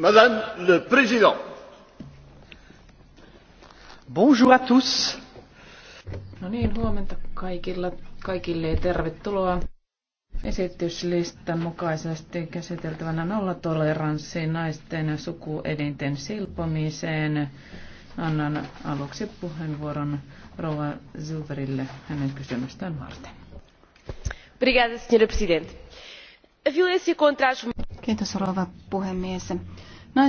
Madame le Président. Bonjour à tous. No niin, huomenta kaikilla, kaikille ja tervetuloa. Esityslistan mukaisesti käsiteltävänä nollatoleranssi naisten ja sukuelinten silpomiseen. Annan aluksi puheenvuoron Rova Zuberille hänen kysymystään varten. Obrigada, senhora Presidente. A violência contra as Kiitos rouva puhemies. Nais